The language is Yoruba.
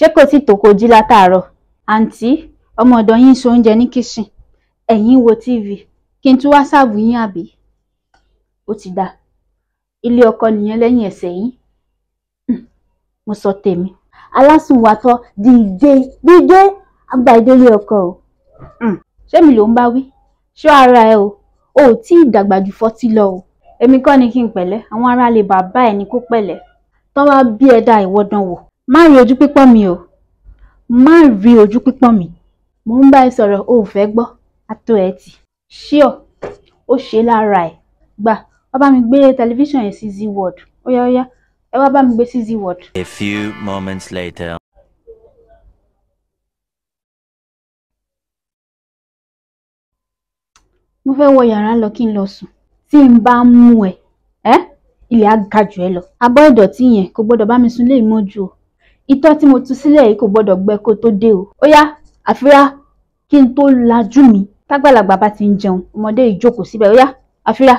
ṣé kò sì tó kó jí látàárọ̀ àǹtí ọmọ ọ̀dọ̀ yín so oúnjẹ ní kíṣìn ẹ̀yin wo tv kí n tún wá ṣàbù yín àbí ó ti dáa ilé ọkọ nìyẹn lẹ́yìn ẹsẹ̀ yín hmm, mo sọ tèmi alásùnwàtọ dìde dídé àgbà ìdílé ọkọ o hmm, ṣé mi ló ń bá wí ṣọ́ ara ẹ o o ò tí ì dàgbà ju fọ́tí lọ o èmi kọ́ ni kí n pẹ̀lẹ́ àwọn ará lè bàbá ẹ ní kó pẹ̀lẹ́ tọ́ bá bí ẹ dá ìwọ́dàn wò má rí ojú pípọ́n mi o má rí ojú pípọ́n mi mò ń bá ẹ sọ̀rọ̀ o ò fẹ́ gbọ́ ató ẹ tì ṣíọ ó ṣe lára ẹ gbà wá bá mi gbé tẹlifíṣàn yẹn sí z world ó yá ẹ wá bá mi gbé sí z world. a few moments later. mo fẹ́ wọ yàrá lọ kí n lọ sùn tí n bá mú ẹ ẹ ilẹ̀ á ga jù ẹ lọ abọ́ ìdọ̀tí yẹn kò gbọ́dọ̀ bá mi sùn lé ìmọ́jú o itọ́ tí mo tú sílẹ̀ yìí kò gbọ́dọ̀ gbẹ kó tó dé o ó yá àfírá kí n tó lajú mi tágbàlagbà bá ti ń jẹun ọmọdé ìjókòó síbẹ̀ ó yá àfírá